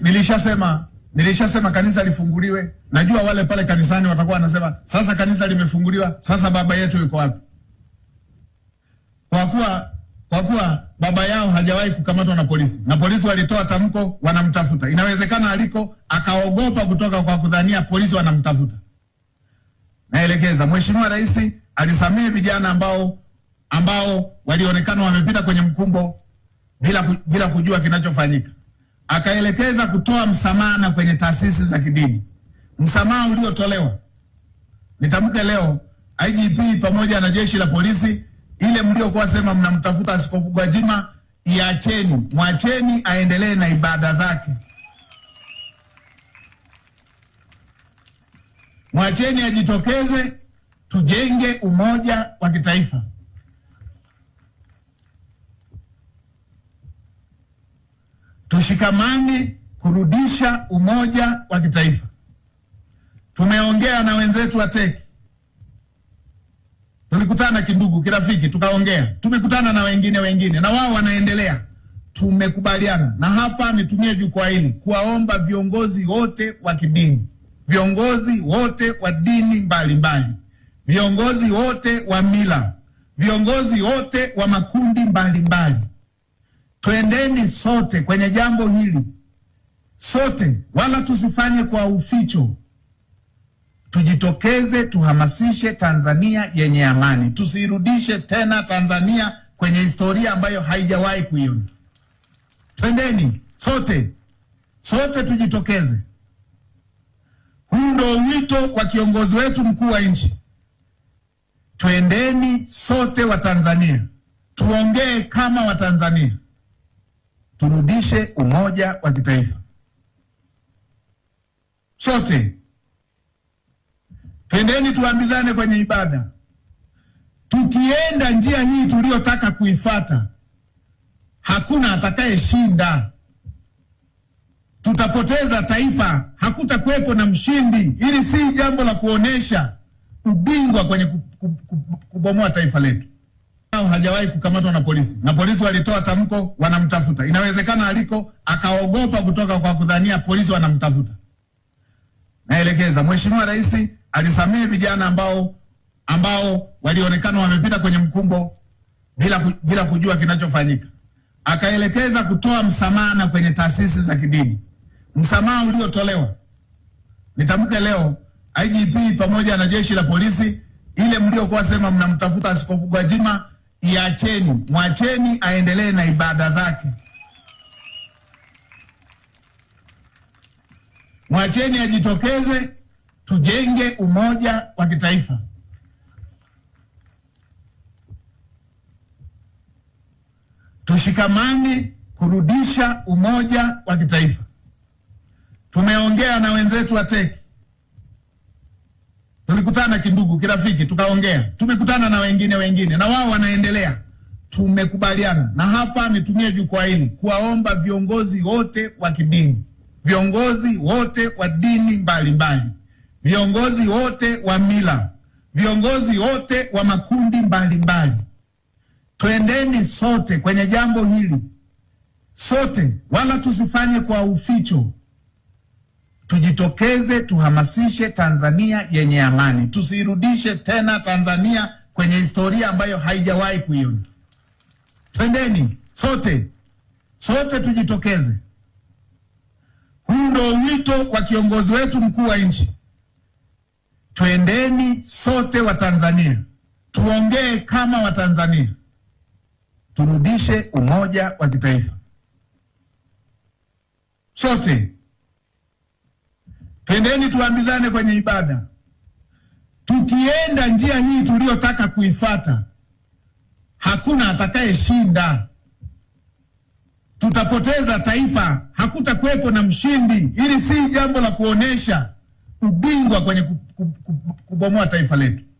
Nilishasema nilishasema kanisa lifunguliwe. Najua wale pale kanisani watakuwa wanasema sasa kanisa limefunguliwa, sasa baba yetu yuko wapi? Kwa kuwa kwa kuwa baba yao hajawahi kukamatwa na polisi, na polisi walitoa tamko wanamtafuta. Inawezekana aliko akaogopa kutoka kwa kudhania polisi wanamtafuta. Naelekeza Mheshimiwa Rais alisamehe vijana ambao ambao walionekana wamepita kwenye mkumbo bila, bila kujua kinachofanyika akaelekeza kutoa msamaha kwenye taasisi za kidini. Msamaha uliotolewa nitamke leo IGP pamoja na jeshi la polisi, ile mliokuwa sema mnamtafuta Askofu Gwajima, iacheni, mwacheni aendelee na ibada zake, mwacheni ajitokeze, tujenge umoja wa kitaifa. tushikamane kurudisha umoja wa kitaifa. Tumeongea na wenzetu wa teki, tulikutana kindugu, kirafiki, tukaongea. Tumekutana na wengine wengine, na wao wanaendelea, tumekubaliana. Na hapa nitumie jukwaa hili kuwaomba viongozi wote wa kidini, viongozi wote wa dini mbalimbali mbali, viongozi wote wa mila, viongozi wote wa makundi mbalimbali mbali. Twendeni sote kwenye jambo hili sote, wala tusifanye kwa uficho. Tujitokeze tuhamasishe Tanzania yenye amani, tusirudishe tena Tanzania kwenye historia ambayo haijawahi kuiona. Twendeni sote, sote tujitokeze. Huu ndo wito kwa kiongozi wetu mkuu wa nchi. Twendeni sote Watanzania, tuongee kama Watanzania turudishe umoja wa kitaifa sote. Twendeni tuambizane kwenye ibada, tukienda njia hii tuliyotaka kuifata, hakuna atakayeshinda. Tutapoteza taifa, hakutakuwepo na mshindi. Hili si jambo la kuonyesha ubingwa kwenye kubomoa taifa letu nao hajawahi kukamatwa na polisi, na polisi walitoa tamko wanamtafuta. Inawezekana aliko akaogopa kutoka kwa kudhania polisi wanamtafuta. Naelekeza Mheshimiwa Rais alisamehe vijana ambao ambao walionekana wamepita kwenye mkumbo bila, ku, bila kujua kinachofanyika. Akaelekeza kutoa msamaha na kwenye taasisi za kidini. Msamaha uliotolewa nitamke leo IGP pamoja na jeshi la polisi, ile mliokuwa sema mnamtafuta Askofu Gwajima iacheni, mwacheni aendelee na ibada zake, mwacheni ajitokeze, tujenge umoja wa kitaifa. Tushikamani kurudisha umoja wa kitaifa. Tumeongea na wenzetu wa tumekutana kindugu, kirafiki, tukaongea, tumekutana na wengine wengine, na wao wanaendelea, tumekubaliana. Na hapa nitumie jukwaa hili kuwaomba viongozi wote wa kidini, viongozi wote wa dini mbalimbali, viongozi wote wa mila, viongozi wote wa makundi mbalimbali, twendeni sote kwenye jambo hili sote, wala tusifanye kwa uficho. Tujitokeze tuhamasishe Tanzania yenye amani, tusirudishe tena Tanzania kwenye historia ambayo haijawahi kuiona. Twendeni sote, sote tujitokeze. Huu ndio wito wa kiongozi wetu mkuu wa nchi. Twendeni sote Watanzania, tuongee kama Watanzania, turudishe umoja wa kitaifa sote. Twendeni tuambizane kwenye ibada. Tukienda njia hii tuliyotaka kuifata, hakuna atakayeshinda, tutapoteza taifa, hakutakuwepo na mshindi. Hili si jambo la kuonesha ubingwa kwenye kubomoa taifa letu.